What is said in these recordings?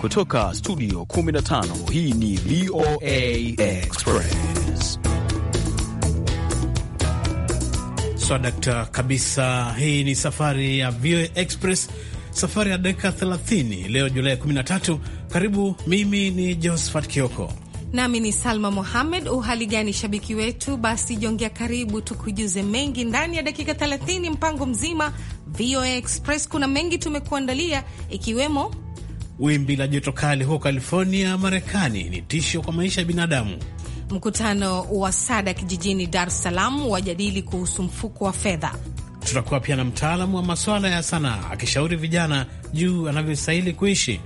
Kutoka studio 15 hii ni VOA Express swadakta so, kabisa. Hii ni safari ya VOA Express, safari ya dakika 30 leo Julai 13. Karibu, mimi ni Josephat Kioko nami ni Salma Mohamed. Uhali gani shabiki wetu? Basi jongea karibu, tukujuze mengi ndani ya dakika 30, mpango mzima VOA Express. Kuna mengi tumekuandalia, ikiwemo Wimbi la joto kali huko California, Marekani ni tisho kwa maisha ya binadamu. Mkutano wa SADC jijini Dar es Salaam wajadili kuhusu mfuko wa fedha. Tutakuwa pia na mtaalamu wa masuala ya sanaa akishauri vijana juu anavyostahili kuishi.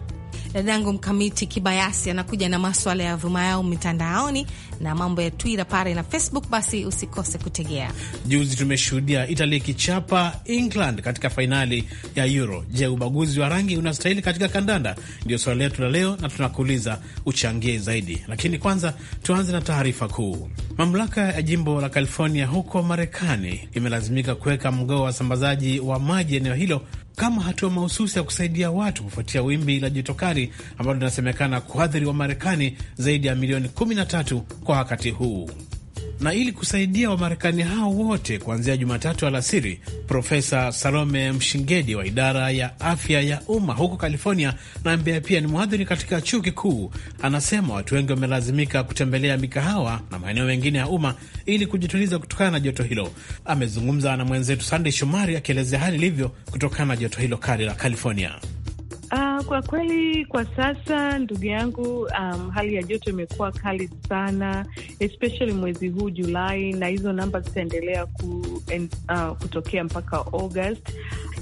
Dadangu Mkamiti Kibayasi anakuja na maswala ya vuma yao mitandaoni na mambo ya Twitter pale na Facebook, basi usikose kutegea. Juzi tumeshuhudia Italy ikichapa England katika fainali ya Euro. Je, ubaguzi wa rangi unastahili katika kandanda? Ndio swala letu la leo, na tunakuuliza uchangie zaidi, lakini kwanza tuanze na taarifa kuu. Mamlaka ya jimbo la California huko Marekani imelazimika kuweka mgao wa wasambazaji wa maji eneo hilo kama hatua mahususi ya kusaidia watu kufuatia wimbi la kali ambalo linasemekana kuathiri wa Marekani zaidi ya milioni 13 kwa wakati huu na ili kusaidia Wamarekani hao wote, kuanzia Jumatatu alasiri, Profesa Salome Mshingedi wa idara ya afya ya umma huko California na ambaye pia ni mhadhiri katika chuo kikuu anasema watu wengi wamelazimika kutembelea mikahawa na maeneo mengine ya umma ili kujituliza kutokana na joto hilo. Amezungumza na mwenzetu Sandey Shomari akielezea hali ilivyo kutokana na joto hilo kali la California. Uh, kwa kweli kwa sasa ndugu yangu, um, hali ya joto imekuwa kali sana especially mwezi huu Julai, na hizo namba zitaendelea ku, uh, kutokea mpaka August.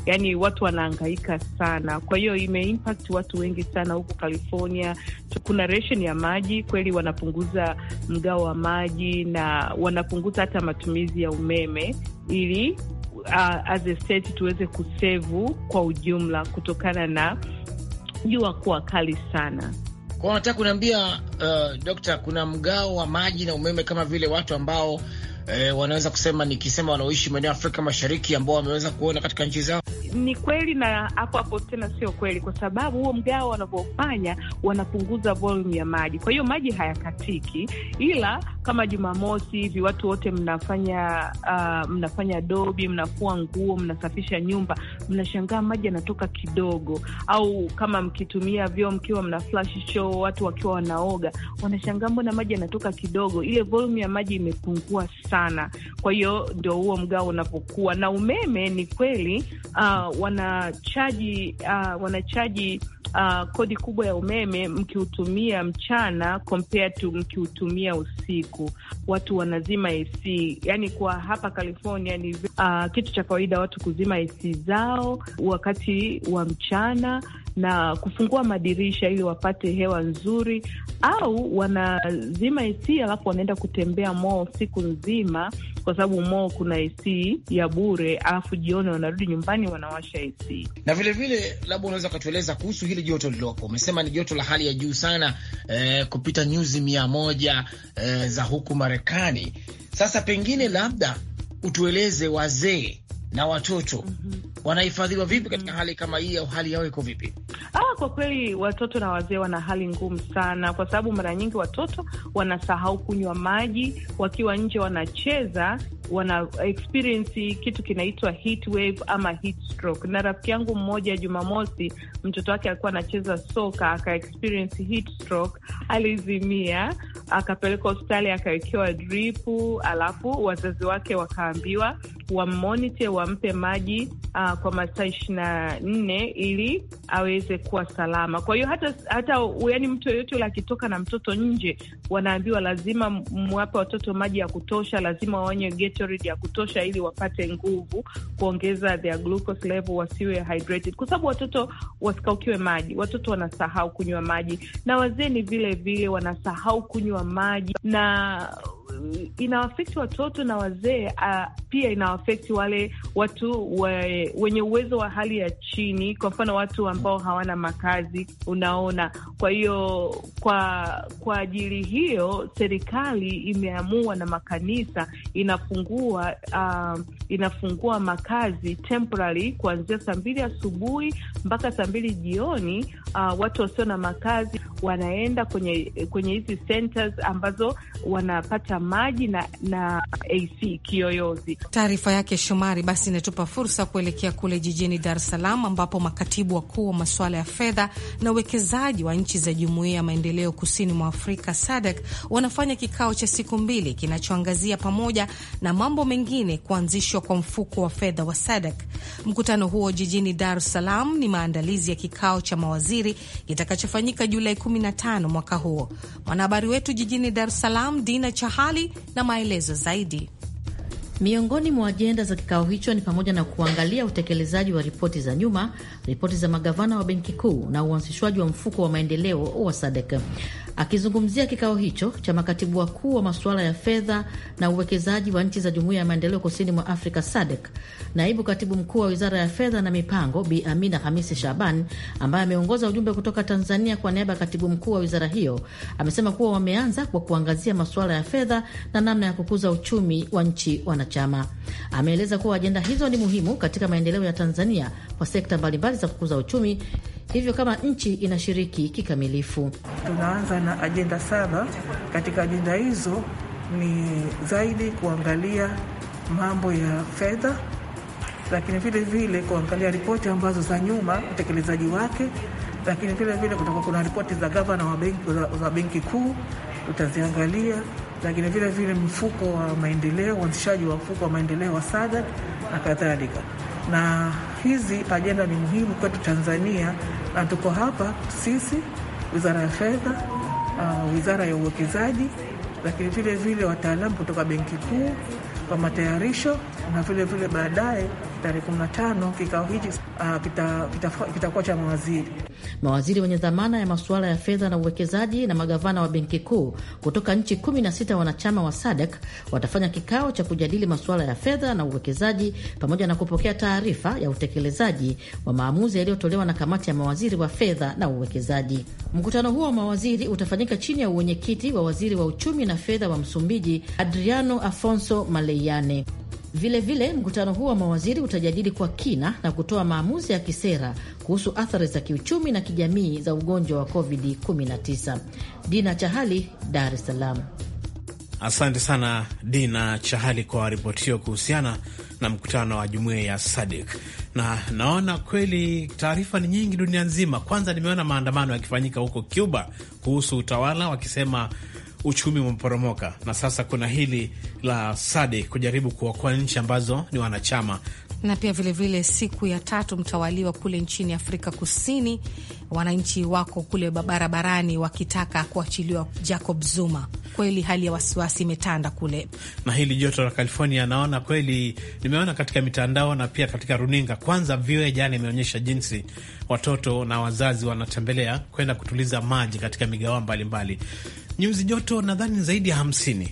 Yani watu wanaangaika sana, kwa hiyo imeimpact watu wengi sana huku California. Kuna ration ya maji kweli, wanapunguza mgao wa maji na wanapunguza hata matumizi ya umeme ili uh, as a state tuweze kusevu kwa ujumla kutokana na jua kuwa kali sana. Kwa nataka kunaambia uh, dokta, kuna mgao wa maji na umeme kama vile watu ambao e, wanaweza kusema nikisema wanaoishi maeneo ya Afrika Mashariki ambao wameweza kuona katika nchi zao ni kweli, na hapo hapo tena sio kweli, kwa sababu huo mgao wanavyofanya wanapunguza volume ya maji, kwa hiyo maji hayakatiki, ila kama Jumamosi hivi watu wote mnafanya uh, mnafanya dobi, mnafua nguo, mnasafisha nyumba, mnashangaa maji yanatoka kidogo, au kama mkitumia vyoo mkiwa mna flash show, watu wakiwa wanaoga wanashangaa mbona maji yanatoka kidogo, ile volume ya maji imepungua sana sana. Kwa hiyo ndio huo mgao unapokuwa na umeme. Ni kweli uh, wanachaji uh, wanachaji uh, kodi kubwa ya umeme mkiutumia mchana compared to mkiutumia usiku. Watu wanazima AC, yani kwa hapa California ni uh, kitu cha kawaida watu kuzima AC zao wakati wa mchana na kufungua madirisha ili wapate hewa nzuri, au wanazima AC alafu wanaenda kutembea moo siku nzima, kwa sababu moo kuna AC ya bure, alafu jioni wanarudi nyumbani wanawasha AC. Na vilevile, labda unaweza ukatueleza kuhusu hili joto lilopo. Umesema ni joto la hali ya juu sana eh, kupita nyuzi mia moja eh, za huku Marekani. Sasa pengine labda utueleze wazee na watoto mm -hmm. wanahifadhiwa vipi katika mm -hmm. hali kama hii, au hali yao iko vipi? Ah, kwa kweli watoto na wazee wana hali ngumu sana, kwa sababu mara nyingi watoto wanasahau kunywa maji, wakiwa nje wanacheza wana experience kitu kinaitwa heat wave ama heat stroke. Na rafiki yangu mmoja Jumamosi, mtoto wake alikuwa anacheza soka aka experience heat stroke, alizimia, akapelekwa hospitali, akawekewa dripu, alafu wazazi wake wakaambiwa wamonite, wampe maji uh, kwa masaa ishirini na nne ili aweze kuwa salama. Kwa hiyo hata hata yani, mtu yoyote yule akitoka na mtoto nje, wanaambiwa lazima mwape watoto maji ya kutosha, lazima wanywe Gatorade ya kutosha ili wapate nguvu, kuongeza their glucose level, wasiwe hydrated, kwa sababu watoto wasikaukiwe maji. Watoto wanasahau kunywa maji, na wazee ni vile vile wanasahau kunywa maji na inawaafekti watoto na wazee uh, pia inawafekti wale watu we, wenye uwezo wa hali ya chini, kwa mfano watu ambao hawana makazi, unaona. Kwa hiyo kwa kwa ajili hiyo serikali imeamua na makanisa inafungua uh, inafungua makazi temporary kuanzia saa mbili asubuhi mpaka saa mbili jioni uh, watu wasio na makazi wanaenda kwenye kwenye hizi centers ambazo wanapata maji na, na AC kiyoyozi. Taarifa yake Shomari basi inatupa fursa kuelekea kule jijini Dar es Salaam ambapo makatibu wakuu wa masuala ya fedha na uwekezaji wa nchi za Jumuiya ya Maendeleo Kusini mwa Afrika SADC wanafanya kikao cha siku mbili kinachoangazia pamoja na mambo mengine kuanzishwa kwa mfuko wa fedha wa SADC. Mkutano huo jijini Dar es Salaam ni maandalizi ya kikao cha mawaziri waziri kitakachofanyika Julai 15 mwaka huo. Mwanahabari wetu jijini Dar es Salaam, Dina Chahali, na maelezo zaidi. Miongoni mwa ajenda za kikao hicho ni pamoja na kuangalia utekelezaji wa ripoti za nyuma, ripoti za magavana wa benki kuu na uanzishwaji wa mfuko wa maendeleo wa SADC. Akizungumzia kikao hicho cha makatibu wakuu wa masuala ya fedha na uwekezaji wa nchi za Jumuiya ya Maendeleo Kusini mwa Afrika SADC, naibu katibu mkuu wa Wizara ya Fedha na Mipango Bi Amina Hamisi Shaban, ambaye ameongoza ujumbe kutoka Tanzania kwa niaba ya katibu mkuu wa wizara hiyo, amesema kuwa wameanza kwa kuangazia masuala ya fedha na namna ya kukuza uchumi wa nchi wanachama. Ameeleza kuwa ajenda hizo ni muhimu katika maendeleo ya Tanzania kwa sekta mbalimbali za kukuza uchumi hivyo kama nchi inashiriki kikamilifu. Tunaanza na ajenda saba. Katika ajenda hizo ni zaidi kuangalia mambo ya fedha, lakini vile vile kuangalia ripoti ambazo za nyuma, utekelezaji wake, lakini vile vile kutakuwa kuna ripoti za gavana wa benki za benki kuu tutaziangalia, lakini vile vile mfuko wa maendeleo, uanzishaji wa mfuko wa maendeleo wa SADC na kadhalika na hizi ajenda ni muhimu kwetu Tanzania, na tuko hapa sisi, wizara ya fedha, uh, wizara ya uwekezaji, lakini vile vile wataalamu kutoka benki kuu kwa matayarisho na vile vile baadaye tarehe 15 kikao hiki uh, ah, kitakuwa kita, kita cha mawaziri. Mawaziri wenye dhamana ya masuala ya fedha na uwekezaji na magavana wa benki kuu kutoka nchi 16 wanachama wa SADC watafanya kikao cha kujadili masuala ya fedha na uwekezaji pamoja na kupokea taarifa ya utekelezaji wa maamuzi yaliyotolewa na kamati ya mawaziri wa fedha na uwekezaji. Mkutano huo wa mawaziri utafanyika chini ya uwenyekiti wa waziri wa uchumi na fedha wa Msumbiji Adriano Afonso Maleyane. Vilevile vile, mkutano huu wa mawaziri utajadili kwa kina na kutoa maamuzi ya kisera kuhusu athari za kiuchumi na kijamii za ugonjwa wa COVID-19. Dina Chahali, Dar es Salaam. Asante sana Dina Chahali kwa ripoti hiyo kuhusiana na mkutano wa jumuiya ya SADC. Na naona kweli taarifa ni nyingi dunia nzima. Kwanza nimeona maandamano yakifanyika huko Cuba kuhusu utawala, wakisema uchumi umeporomoka, na sasa kuna hili la SADC kujaribu kuokoa nchi ambazo ni wanachama na pia vilevile vile siku ya tatu mtawaliwa kule nchini Afrika Kusini, wananchi wako kule barabarani wakitaka kuachiliwa Jacob Zuma. Kweli hali ya wasiwasi imetanda kule, na hili joto la California naona kweli, nimeona katika mitandao na pia katika runinga. Kwanza VOA jana imeonyesha jinsi watoto na wazazi wanatembelea kwenda kutuliza maji katika migawao mbalimbali, nyuzi joto nadhani zaidi ya hamsini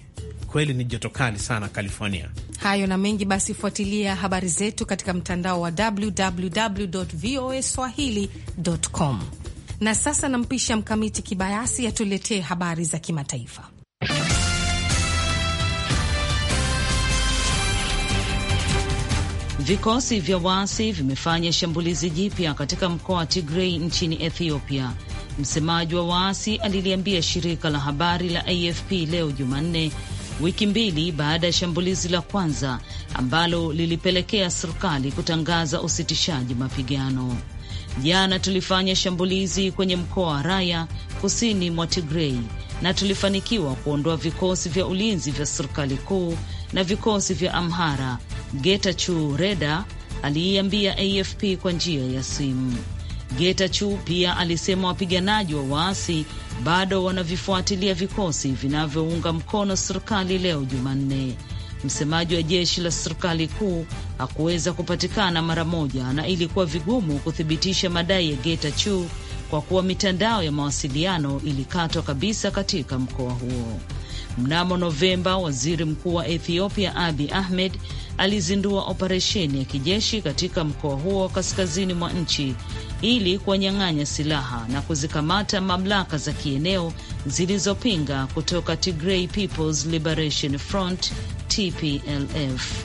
kweli ni joto kali sana California. Hayo na mengi basi, fuatilia habari zetu katika mtandao wa www voa swahili.com. Na sasa nampisha Mkamiti Kibayasi atuletee habari za kimataifa. Vikosi vya waasi vimefanya shambulizi jipya katika mkoa wa Tigrei nchini Ethiopia. Msemaji wa waasi aliliambia shirika la habari la AFP leo Jumanne wiki mbili baada ya shambulizi la kwanza ambalo lilipelekea serikali kutangaza usitishaji mapigano. Jana tulifanya shambulizi kwenye mkoa wa Raya kusini mwa Tigrei na tulifanikiwa kuondoa vikosi vya ulinzi vya serikali kuu na vikosi vya Amhara, Getachew Reda aliiambia AFP kwa njia ya simu getachu pia alisema wapiganaji wa waasi bado wanavifuatilia vikosi vinavyounga mkono serikali leo Jumanne. Msemaji wa jeshi la serikali kuu hakuweza kupatikana mara moja, na ilikuwa vigumu kuthibitisha madai ya getachu kwa kuwa mitandao ya mawasiliano ilikatwa kabisa katika mkoa huo. Mnamo Novemba, waziri mkuu wa Ethiopia Abiy Ahmed alizindua operesheni ya kijeshi katika mkoa huo wa kaskazini mwa nchi ili kuwanyang'anya silaha na kuzikamata mamlaka za kieneo zilizopinga kutoka Tigray People's Liberation Front TPLF.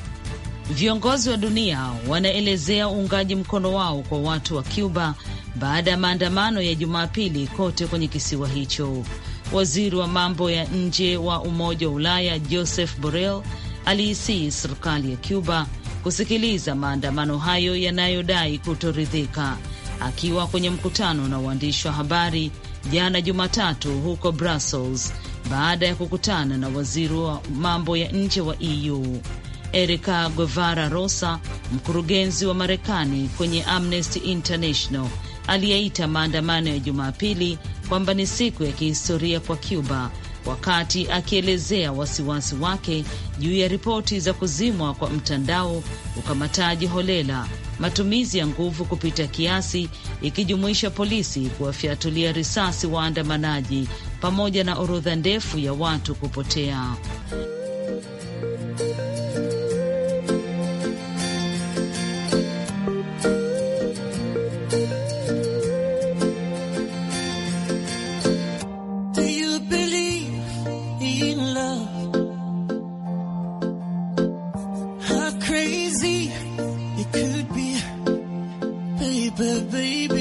Viongozi wa dunia wanaelezea uungaji mkono wao kwa watu wa Cuba baada ya maandamano ya Jumapili kote kwenye kisiwa hicho. Waziri wa mambo ya nje wa Umoja wa Ulaya Joseph Borrell aliisii serikali ya Cuba kusikiliza maandamano hayo yanayodai kutoridhika. Akiwa kwenye mkutano na waandishi wa habari jana Jumatatu huko Brussels, baada ya kukutana na waziri wa mambo ya nje wa EU Erika Guevara Rosa, mkurugenzi wa Marekani kwenye Amnesty International aliyeita maandamano ya Jumapili kwamba ni siku ya kihistoria kwa Cuba wakati akielezea wasiwasi wake juu ya ripoti za kuzimwa kwa mtandao, ukamataji holela, matumizi ya nguvu kupita kiasi, ikijumuisha polisi kuwafyatulia risasi waandamanaji, pamoja na orodha ndefu ya watu kupotea. could be, baby, baby.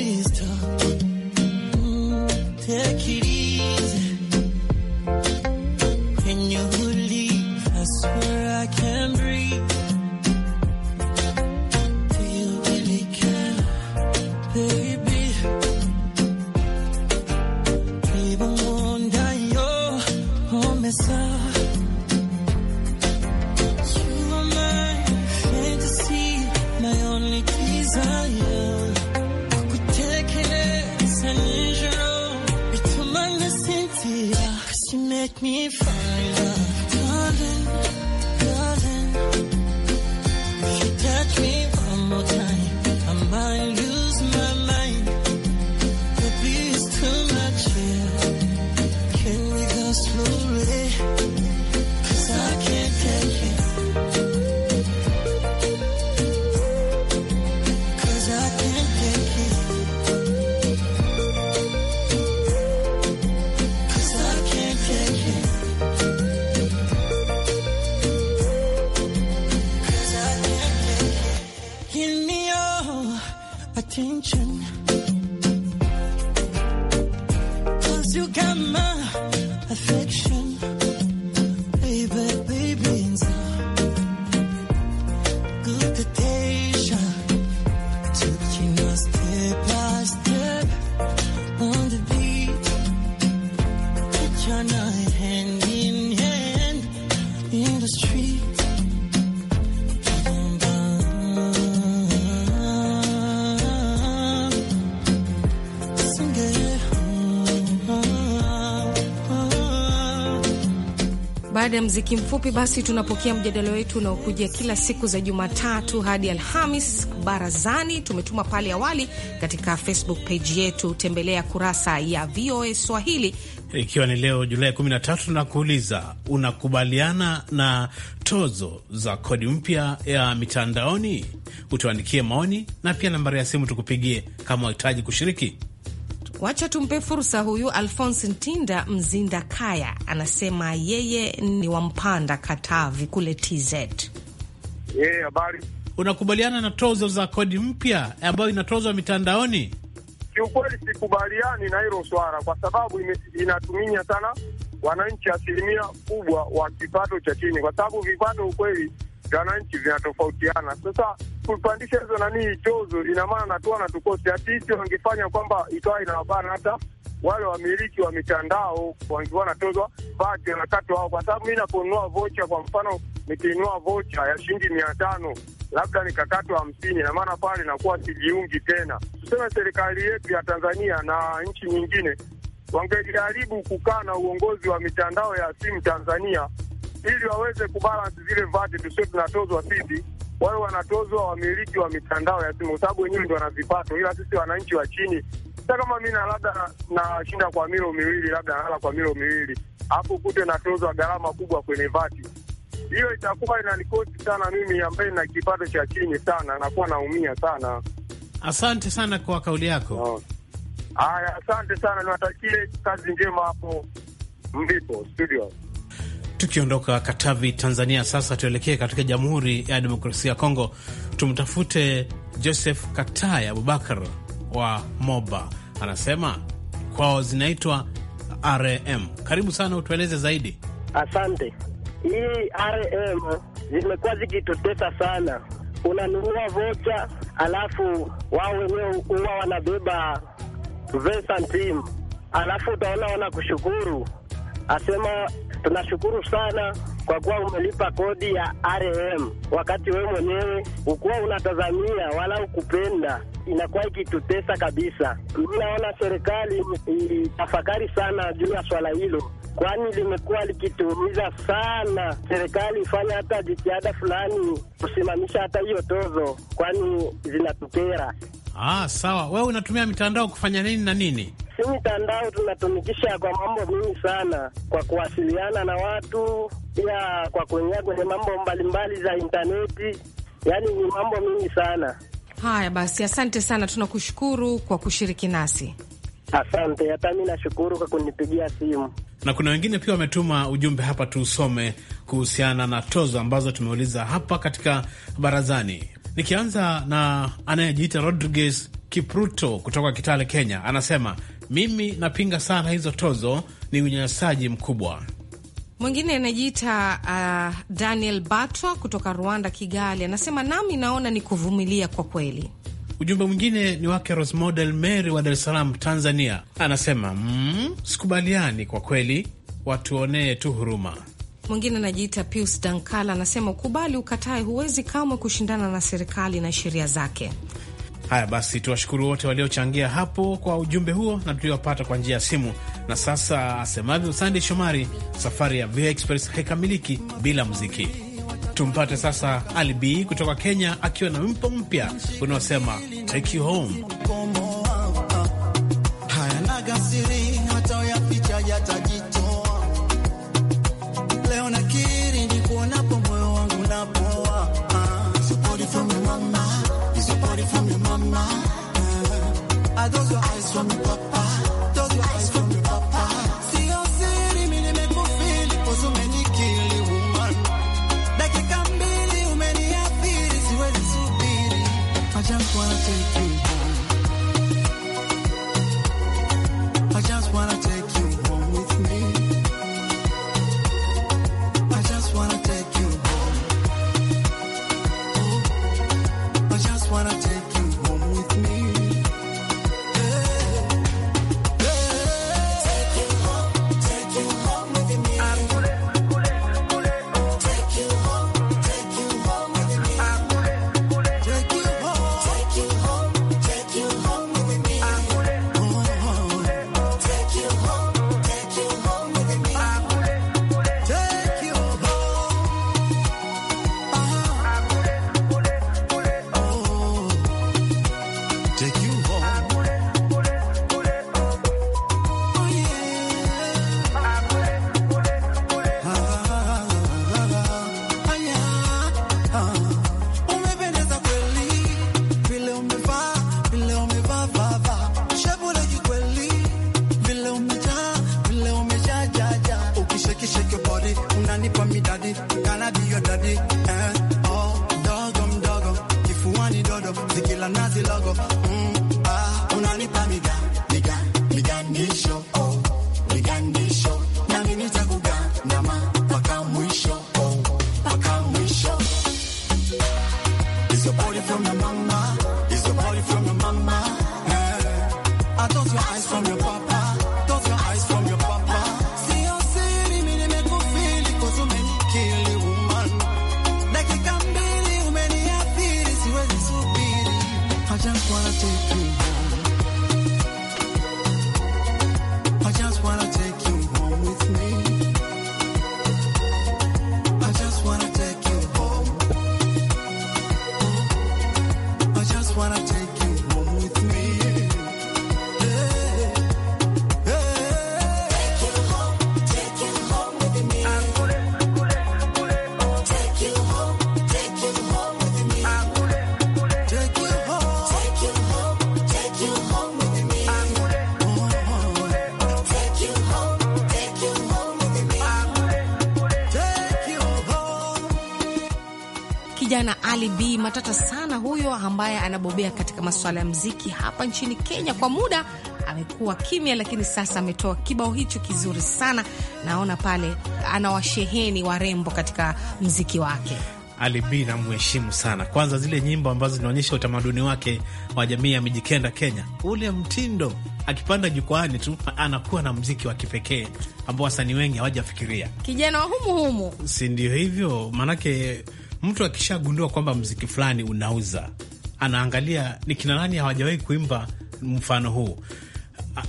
Baada ya mziki mfupi, basi tunapokea mjadala wetu unaokuja kila siku za Jumatatu hadi Alhamis barazani. Tumetuma pale awali katika Facebook page yetu, tembelea kurasa ya VOA Swahili ikiwa ni leo Julai 13 na kuuliza, unakubaliana na tozo za kodi mpya ya mitandaoni? Utuandikie maoni na pia nambari ya simu tukupigie kama wahitaji kushiriki. Wacha tumpe fursa huyu. alfonse Ntinda Mzinda Kaya anasema yeye ni wa Mpanda, Katavi kule TZ. Yeah, Unakubaliana na tozo za kodi mpya ambayo inatozwa mitandaoni? Kiukweli sikubaliani na hilo swala, kwa sababu inatuminya sana wananchi asilimia kubwa wa kipato cha chini, kwa sababu vipato ukweli wananchi vinatofautiana. Sasa kupandisha hizo nanii tozo, ina maana natua na hati atisi wangefanya kwamba ikawa inawabana hata wale wamiliki wa mitandao wangekuwa natozwa bati wanakatwa wao, kwa sababu mi naponunua vocha, kwa mfano nikinunua vocha ya shilingi mia tano labda nikakatwa hamsini, na maana pale nakuwa sijiungi tena. Tuseme serikali yetu ya Tanzania na nchi nyingine wangejaribu kukaa na uongozi wa mitandao ya simu Tanzania ili waweze kubalansi zile vati tusio tunatozwa sisi, wale wanatozwa wamiliki wa mitandao ya simu, kwa sababu wenyewe ndio wana vipato, ila sisi wananchi wa chini. Sasa kama mi na labda nashinda kwa milo miwili, labda nalala kwa milo miwili, alafu kute natozwa gharama kubwa kwenye vati hiyo itakuwa inanikosti sana mimi, ambaye na kipato cha chini sana, nakuwa naumia sana. Asante sana kwa kauli yako. No. Haya, asante sana, niwatakie kazi njema hapo mlipo studio. Tukiondoka Katavi, Tanzania, sasa tuelekee katika Jamhuri ya Demokrasia ya Kongo. Tumtafute Joseph Katai Abubakar wa Moba, anasema kwao zinaitwa RM. Karibu sana, utueleze zaidi. Asante. Hii RM zimekuwa zikitotesa sana, unanunua vocha alafu wao wenyewe huwa wanabeba ve alafu utaona wanakushukuru asema Tunashukuru sana kwa kuwa umelipa kodi ya RM wakati wewe mwenyewe ukuwa unatazamia wala ukupenda, inakuwa ikitutesa kabisa. Mi naona serikali itafakari sana juu ya swala hilo, kwani limekuwa likituumiza sana. Serikali ifanye hata jitihada fulani kusimamisha hata hiyo tozo, kwani zinatukera. Ah, sawa. Wewe unatumia mitandao kufanya nini na nini? Si mitandao tunatumikisha kwa mambo mingi sana, kwa kuwasiliana na watu, pia kwa kuingia kwenye mambo mbalimbali za intaneti, yaani ni mambo mingi sana. Haya basi, asante sana, tunakushukuru kwa kushiriki nasi. Asante, hata mi nashukuru kwa kunipigia simu. Na kuna wengine pia wametuma ujumbe hapa, tuusome kuhusiana na tozo ambazo tumeuliza hapa katika barazani. Nikianza na anayejiita Rodriguez Kipruto kutoka Kitale, Kenya, anasema mimi napinga sana hizo tozo, ni unyanyasaji mkubwa. Mwingine anajiita uh, Daniel Batwa kutoka Rwanda, Kigali, anasema nami naona ni kuvumilia kwa kweli. Ujumbe mwingine ni wake Rosmodel Mary wa Dar es Salaam, Tanzania, anasema mm, sikubaliani kwa kweli, watuonee tu huruma. Mwingine anajiita Pius Dankala, anasema ukubali ukatae, huwezi kamwe kushindana na serikali na sheria zake. Haya basi, tuwashukuru wote waliochangia hapo kwa ujumbe huo na tuliopata kwa njia ya simu. Na sasa asemavyo Sandey Shomari, safari ya VOA Express haikamiliki bila muziki. Tumpate sasa Ali B kutoka Kenya akiwa na wimbo mpya unaosema take you home. I those your eyes from the top. jodo zikila nazi logo mm, ah, unanipa miga miga miganisho Ali B Matata sana huyo, ambaye anabobea katika masuala ya mziki hapa nchini Kenya. Kwa muda amekuwa kimya, lakini sasa ametoa kibao hicho kizuri sana. Naona pale anawasheheni warembo katika mziki wake. Ali B namheshimu sana, kwanza zile nyimbo ambazo zinaonyesha utamaduni wake wa jamii ya Mijikenda Kenya, ule mtindo akipanda jukwani tu anakuwa na mziki wa kipekee ambao wasanii wengi hawajafikiria. Kijana wa humuhumu, si ndio hivyo? Maanake mtu akishagundua kwamba mziki fulani unauza, anaangalia ni kina nani hawajawahi kuimba mfano huu.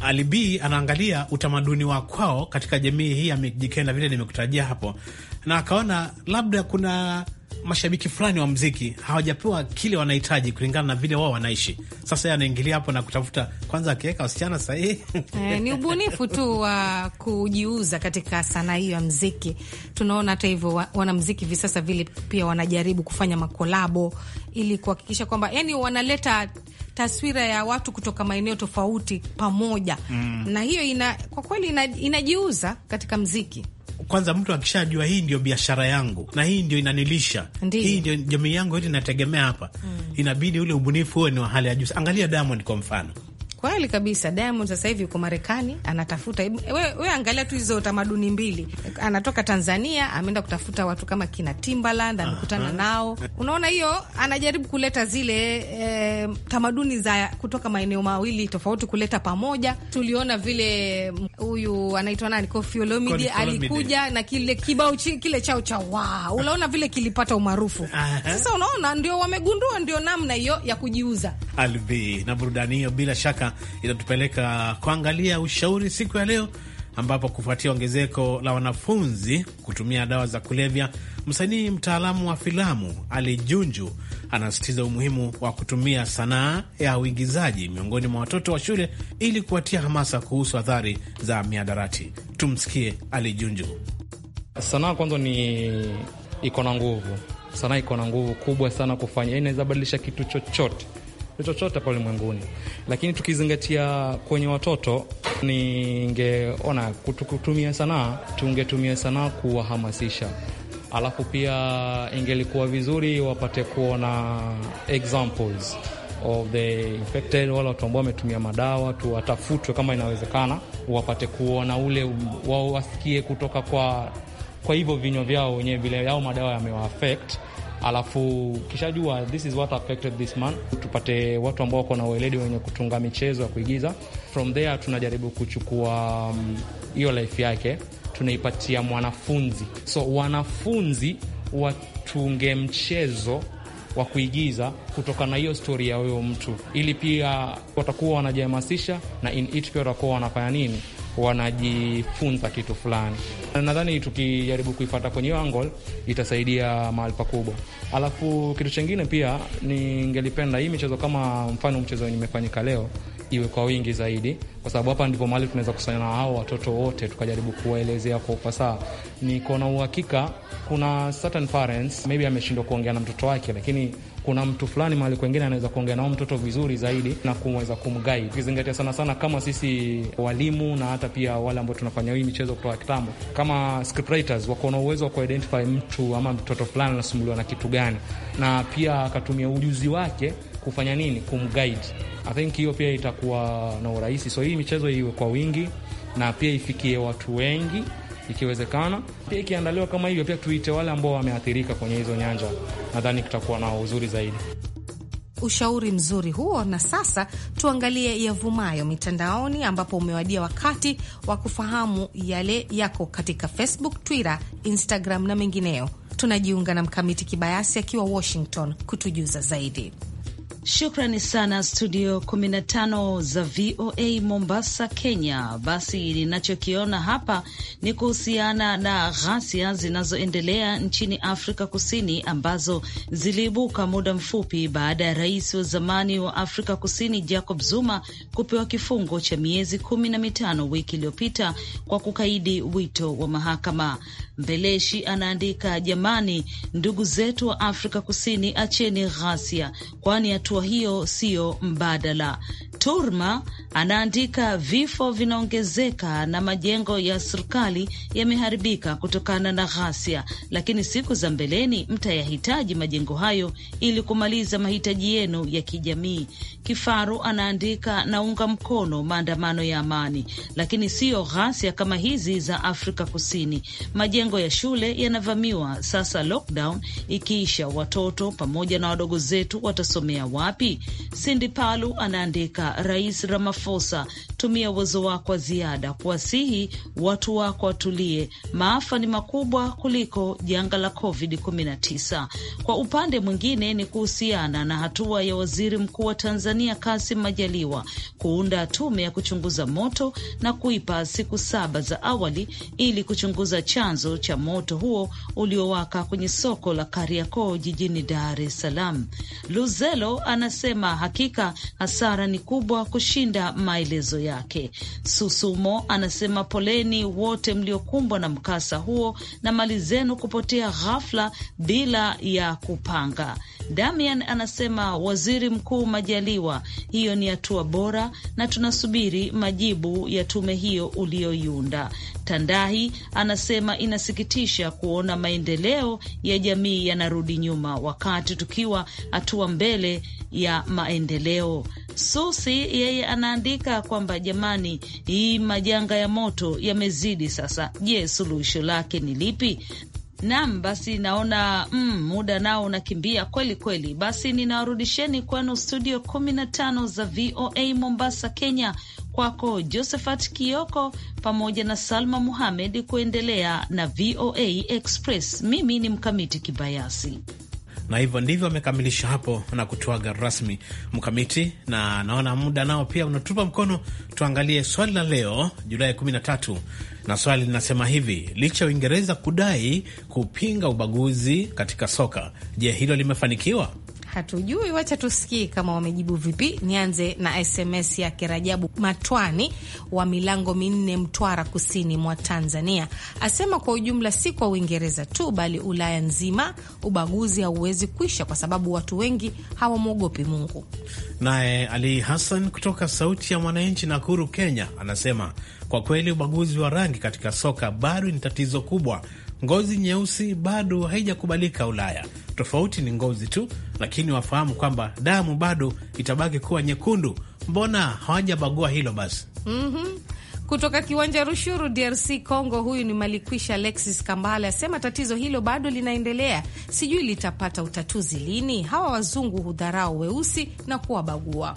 Alibi anaangalia utamaduni wa kwao katika jamii hii ya Mijikenda, vile nimekutarajia hapo, na akaona labda kuna mashabiki fulani wa mziki hawajapewa kile wanahitaji kulingana na vile wao wanaishi. Sasa yeye anaingilia hapo na kutafuta kwanza, akiweka wasichana sahihi e, ni ubunifu tu wa kujiuza katika sanaa hiyo ya mziki. Tunaona hata hivyo wanamziki hivi sasa vile pia wanajaribu kufanya makolabo ili kuhakikisha kwamba yani wanaleta taswira ya watu kutoka maeneo tofauti pamoja mm. na hiyo ina, kwa kweli inajiuza ina katika mziki kwanza mtu akishajua hii ndio biashara yangu na hii ndio inanilisha, Hii ndio jamii yangu yote inategemea hapa mm. Inabidi ule ubunifu huwe ni wa hali ya juu. Angalia Diamond kwa mfano Kweli kabisa. Diamond sasa hivi yuko Marekani anatafuta, we, we angalia tu hizo tamaduni mbili, anatoka Tanzania ameenda kutafuta watu kama kina Timbaland amekutana uh -huh. nao, unaona hiyo, anajaribu kuleta zile e, tamaduni za kutoka maeneo mawili tofauti kuleta pamoja. Tuliona vile huyu anaitwa nani, Koffi Olomide alikuja na kile kibao kile chao cha wa, unaona vile kilipata umaarufu Sasa unaona ndio wamegundua ndio namna hiyo ya kujiuza albi na burudani hiyo bila shaka inatupeleka kuangalia ushauri siku ya leo, ambapo kufuatia ongezeko la wanafunzi kutumia dawa za kulevya, msanii mtaalamu wa filamu Ali Junju anasisitiza umuhimu wa kutumia sanaa ya uigizaji miongoni mwa watoto wa shule ili kuwatia hamasa kuhusu athari za miadarati. Tumsikie Ali Junju. Sanaa kwanza ni iko na nguvu, sanaa iko na nguvu kubwa sana kufanya, inaweza badilisha kitu chochote chochote pale ulimwenguni, lakini tukizingatia kwenye watoto, ningeona kutumia sanaa, tungetumia sanaa kuwahamasisha alafu pia ingelikuwa vizuri wapate kuona examples of the infected, wale watu ambao wametumia madawa, tuwatafutwe kama inawezekana, wapate kuona ule wao, wasikie kutoka kwa kwa hivyo vinywa vyao wenyewe vile yao madawa yamewa alafu kishajua this is what affected this man, tupate watu ambao wako na ueledi wenye kutunga michezo ya kuigiza. From there tunajaribu kuchukua um, hiyo um, life yake tunaipatia mwanafunzi, so wanafunzi watunge mchezo wa kuigiza kutoka na hiyo stori ya huyo mtu, ili pia watakuwa wanajihamasisha na in it pia watakuwa wanafanya nini wanajifunza kitu fulani. Nadhani tukijaribu kuifata kwenye hiyo angle itasaidia mahali pakubwa. Alafu kitu chengine pia ningelipenda hii michezo, kama mfano mchezo nimefanyika leo iwe kwa wingi zaidi, kwa sababu hapa ndipo mahali tunaweza kusanya na hao watoto wote tukajaribu kuwaelezea kwa ufasaha. Niko na uhakika kuna certain parents maybe ameshindwa kuongea na mtoto wake, lakini kuna mtu fulani mahali kwengine anaweza kuongea nao mtoto vizuri zaidi na kuweza kumgai, ukizingatia sana sana kama sisi walimu na hata pia wale ambao tunafanya hii michezo kutoka kitambo, kama scriptwriters wako na uwezo wa kuidentify mtu ama mtoto fulani anasumbuliwa na kitu gani, na pia akatumia ujuzi wake kufanya nini, kumguide. I think hiyo pia itakuwa na urahisi, so hii michezo iwe kwa wingi na pia ifikie watu wengi ikiwezekana. Pia ikiandaliwa kama hivyo, pia tuite wale ambao wameathirika kwenye hizo nyanja, nadhani kutakuwa na uzuri zaidi. Ushauri mzuri huo. Na sasa tuangalie yavumayo mitandaoni, ambapo umewadia wakati wa kufahamu yale yako katika Facebook, Twitter, Instagram na mengineo Tunajiunga na Mkamiti Kibayasi akiwa Washington kutujuza zaidi. Shukrani sana studio 15 za VOA Mombasa, Kenya. Basi ninachokiona hapa ni kuhusiana na ghasia zinazoendelea nchini Afrika Kusini ambazo ziliibuka muda mfupi baada ya rais wa zamani wa Afrika Kusini Jacob Zuma kupewa kifungo cha miezi kumi na mitano wiki iliyopita kwa kukaidi wito wa mahakama. Mbeleshi anaandika, jamani, ndugu zetu wa Afrika Kusini, acheni ghasia, kwani hatua hiyo siyo mbadala. Turma anaandika vifo vinaongezeka na majengo ya serikali yameharibika kutokana na ghasia, lakini siku za mbeleni mtayahitaji majengo hayo ili kumaliza mahitaji yenu ya kijamii. Kifaru anaandika, naunga mkono maandamano ya amani, lakini siyo ghasia kama hizi za Afrika Kusini. Majengo ya shule yanavamiwa sasa, lockdown ikiisha, watoto pamoja na wadogo zetu watasomea wapi? Sindi Palu anaandika, Rais Ramaphosa, tumia uwezo wako wa ziada kuwasihi watu wako watulie, maafa ni makubwa kuliko janga la COVID-19. Kwa upande mwingine ni kuhusiana na hatua ya Waziri Mkuu wa Tanzania Kassim Majaliwa kuunda tume ya kuchunguza moto na kuipa siku saba za awali ili kuchunguza chanzo cha moto huo uliowaka kwenye soko la Kariakoo jijini Dar es Salaam. Luzelo anasema hakika hasara ni kubwa kushinda maelezo yake. Susumo anasema poleni wote mliokumbwa na mkasa huo na mali zenu kupotea ghafla bila ya kupanga. Damian anasema Waziri Mkuu Majaliwa, hiyo ni hatua bora na tunasubiri majibu ya tume hiyo uliyoiunda. Tandahi anasema inasikitisha kuona maendeleo ya jamii yanarudi nyuma wakati tukiwa hatua mbele ya maendeleo. Susi yeye anaandika kwamba jamani, hii majanga ya moto yamezidi sasa. Je, suluhisho lake ni lipi? nam basi naona mm, muda nao unakimbia kweli kweli. Basi ninawarudisheni kwenu studio 15 za VOA Mombasa, Kenya, kwako Josephat Kioko pamoja na Salma Muhamed kuendelea na VOA Express. Mimi ni Mkamiti Kibayasi na hivyo ndivyo amekamilisha hapo na kutuaga rasmi Mkamiti, na naona muda nao pia unatupa mkono. Tuangalie swali la leo Julai 13, na swali linasema hivi: licha ya Uingereza kudai kupinga ubaguzi katika soka, je, hilo limefanikiwa? Hatujui, wacha tusikie kama wamejibu vipi. Nianze na SMS ya kirajabu Matwani wa milango minne, Mtwara, kusini mwa Tanzania. Asema kwa ujumla, si kwa Uingereza tu bali Ulaya nzima, ubaguzi hauwezi kuisha kwa sababu watu wengi hawamwogopi Mungu. Naye Ali Hassan kutoka Sauti ya Mwananchi, Nakuru, Kenya, anasema kwa kweli ubaguzi wa rangi katika soka bado ni tatizo kubwa ngozi nyeusi bado haijakubalika Ulaya. Tofauti ni ngozi tu, lakini wafahamu kwamba damu bado itabaki kuwa nyekundu. Mbona hawajabagua hilo basi? mm -hmm. Kutoka kiwanja Rushuru, DRC Congo, huyu ni Malikwisha Alexis Kambale asema tatizo hilo bado linaendelea, sijui litapata utatuzi lini. Hawa wazungu hudharau weusi na kuwabagua.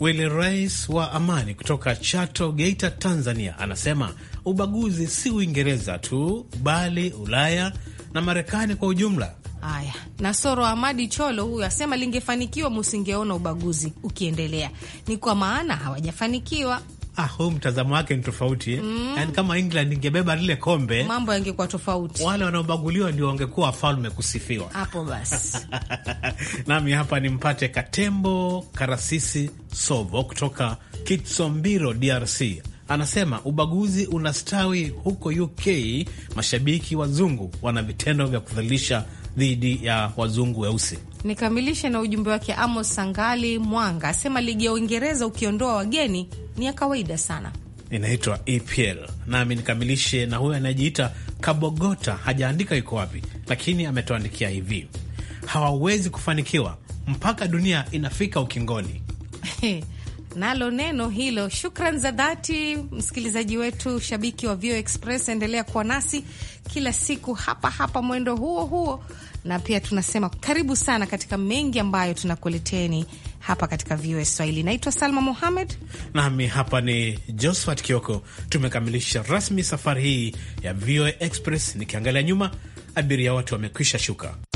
Wili Rais wa Amani kutoka Chato, Geita, Tanzania anasema ubaguzi si Uingereza tu bali Ulaya na Marekani kwa ujumla. Haya, Nasoro Ahmadi Cholo huyu asema lingefanikiwa musingeona ubaguzi ukiendelea, ni kwa maana hawajafanikiwa. Ah, huyu mtazamo wake ni tofauti eh? mm. Yani kama England ingebeba lile kombe mambo yangekuwa tofauti, wale wanaobaguliwa ndio wangekuwa wafalme kusifiwa hapo basi. Nami hapa nimpate Katembo Karasisi Sovo kutoka Kitsombiro, DRC anasema ubaguzi unastawi huko UK. Mashabiki wazungu wana vitendo vya kudhalilisha dhidi ya wazungu weusi. Nikamilishe na ujumbe wake Amos Sangali Mwanga, asema ligi ya Uingereza ukiondoa wageni ni ya kawaida sana, inaitwa EPL. Nami nikamilishe na huyo anayejiita Kabogota, hajaandika yuko wapi, lakini ametuandikia hivi, hawawezi kufanikiwa mpaka dunia inafika ukingoni. nalo neno hilo. Shukran za dhati, msikilizaji wetu, shabiki wa voa Express, endelea kuwa nasi kila siku hapa hapa mwendo huo huo, na pia tunasema karibu sana katika mengi ambayo tunakuleteni hapa katika VOA Swahili. Naitwa Salma Muhamed nami hapa ni josat Kioko. Tumekamilisha rasmi safari hii ya VOA Express. Nikiangalia nyuma, abiria watu wamekwisha shuka.